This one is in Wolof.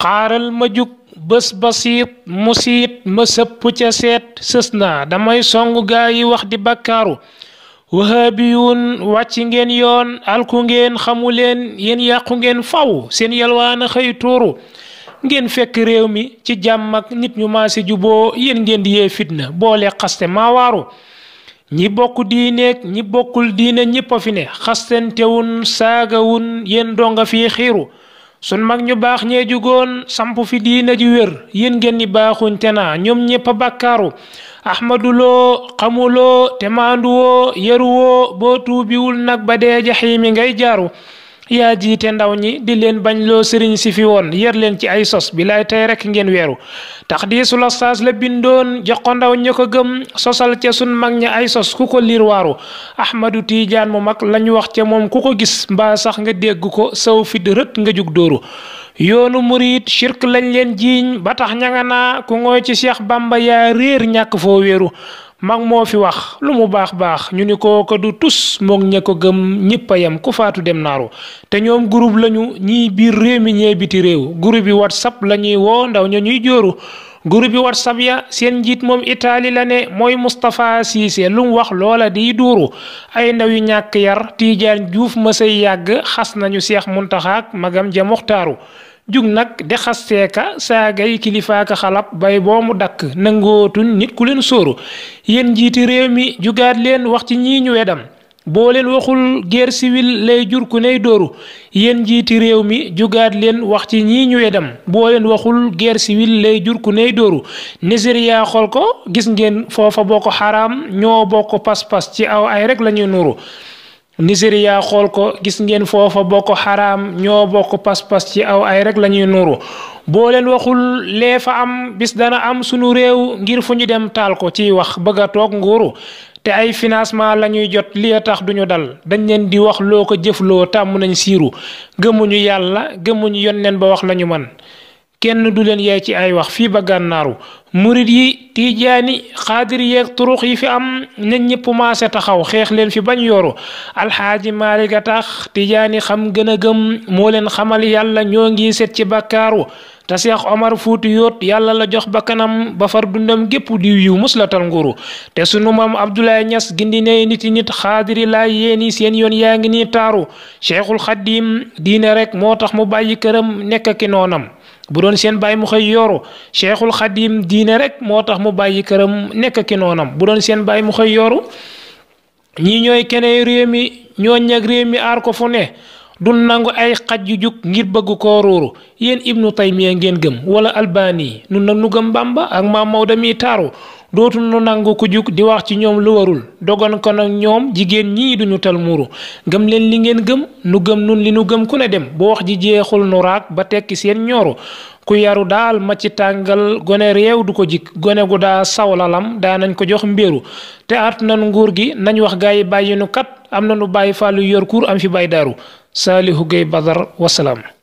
xaaral ma jug bés ba siit mu ma sëpp ca seet sës naa damay songu gaa yi wax di bakkaaru wahaabiyuun wàcc ngeen yoon alku ngeen xamu leen yéen yàqu ngeen faw seen yalwaana xëy tuuru ngeen fekk réew mi ci jàmm ak nit ñu maasi juboo yéen ngeen di yee fitna boole xaste maa waaru ñi bokk diineek ñi bokkul diine ñépp a fi ne xastentewun saagawun yenn donga fii xiiru sun mag ñu baax ñee jugoon samp fi diina ji wér yéen ngeen ni baaxuñ te naa ñoom ñépp a bàkkaaru ahmaduloo xamuloo te maanduwoo yaruwoo boo tuubiwul nag ba dee jaxiimi ngay jaaru yaa jiite ndaw ñi di leen bañ loo sëriñ si fi woon yar leen ci ay sos bi laay tey rek ngeen weeru tax di su lastaas la bindoon jox ko ndaw ña ko gëm sosal ca sun mag ña ay sos ku ko liir waaru ahmadu tiijaan mu mag lañu wax ca moom ku ko gis mbaa sax nga dégg ko sëw fit rët nga jug dóoru yoonu murit shirk lañ leen jiiñ ba tax ñanga naa ku ngooy ci Cheikh Bamba yaa réer ñàkk foo wéeru mag moo fi wax lu mu baax baax ñu ni ko du tus moog ña ko gëm ñëpp a yem ku faatu dem naaru te ñoom groupe lañu ñii biir réew mi ñee biti réew groupe bi whatsapp la ñuy woo ndaw ña ñuy jóoru groupe bi whatsapp ya seen njiit moom itaali la ne mooy Moustapha Cissé lu mu wax loola di duuru ay ndaw yu ñàkk yar Tiijaan Juuf mësay yàgg xas nañu Seex Muntaxa magam ja Muxtaaru jug nag de xasteeka saagay kilifaaka xalab bay boo mu dakk nangootuñ nit ku leen sóoru yéen njiiti réew mi jugaat leen wax ci ñii ñu wedam boo leen waxul guerre siwil lay jur ku ney dooru yéen njiiti réew mi jugaat leen wax ci ñii ñu wedam boo leen waxul guerre civile lay jur ku ney dóoru Nigéria xool ko gis ngeen foofa boo ko xaram ñoo bokk pas-pas ci aw ay rek lañuy nuru Nigéria xool ko gis ngeen foofa bokk xaraam ñoo bokk pas-pas ci aw ay rek la ñuy nuru boo leen waxul lee fa am bis dana am sunu réew ngir fu ñu dem taal ko ciy wax bëgg a toog nguuru te ay financement la ñuy jot li tax duñu dal dañ leen di wax loo ko jëfloo tàmm nañu siiru gëmuñu yàlla gëmuñu yonneen ba wax lañu man kenn du leen yaay ci ay wax fii ba gànnaaru murit yi tiijaani xaadir yeeg turux yi fi am nañ ñëpp maase taxaw xeex leen fi bañ yooru alxaaji maalik a tax tiijaani xam gën a gëm moo leen xamal yàlla ñoo ngi set ci bakkaaru te seex omar fuuti yoot yàlla la jox ba kanam ba far dundam gépp diw yiw muslatal nguru te sunu maam abdoulaye ñas gindi nit niti nit xaadiri laay yéeni seen yoon yaa ngi ni taaru cheikhul xadim diine rek moo tax mu bàyyi këram nekk noonam bu doon seen baay mu xëy yoru cheikhul xadim diine rek moo tax mu bàyyi këram nekk ki noonam bu doon seen baay mu xëy yoru ñii ñooy keneen réew mi ñoo ñag réew mi aar ko fu ne du nangu ay xaj yu jug ngir bëgg ko ruuru yéen ibnu taymiya ngeen gëm wala albani nun nag nu gëm bamba ak maam Maodo mi taaru dootul dootuñu nangu ku jug di wax ci ñoom lu warul dogon ko nag ñoom jigéen ñii duñu tal muuru gëm leen li ngeen gëm nu gëm nun li nu gëm ku ne dem bu wax ji jeexul nu raak ba tekki seen ñooru ku yaru daal ma ci tàngal gone réew du ko jik gone gu daa saw lalam daa nañ ko jox mbéeru te at nan nguur gi nañu wax gaa yi bàyyi nu kat am na nu bàyyi fàllu yor kuur am fi bay daaru saalihu gay badar wasalaam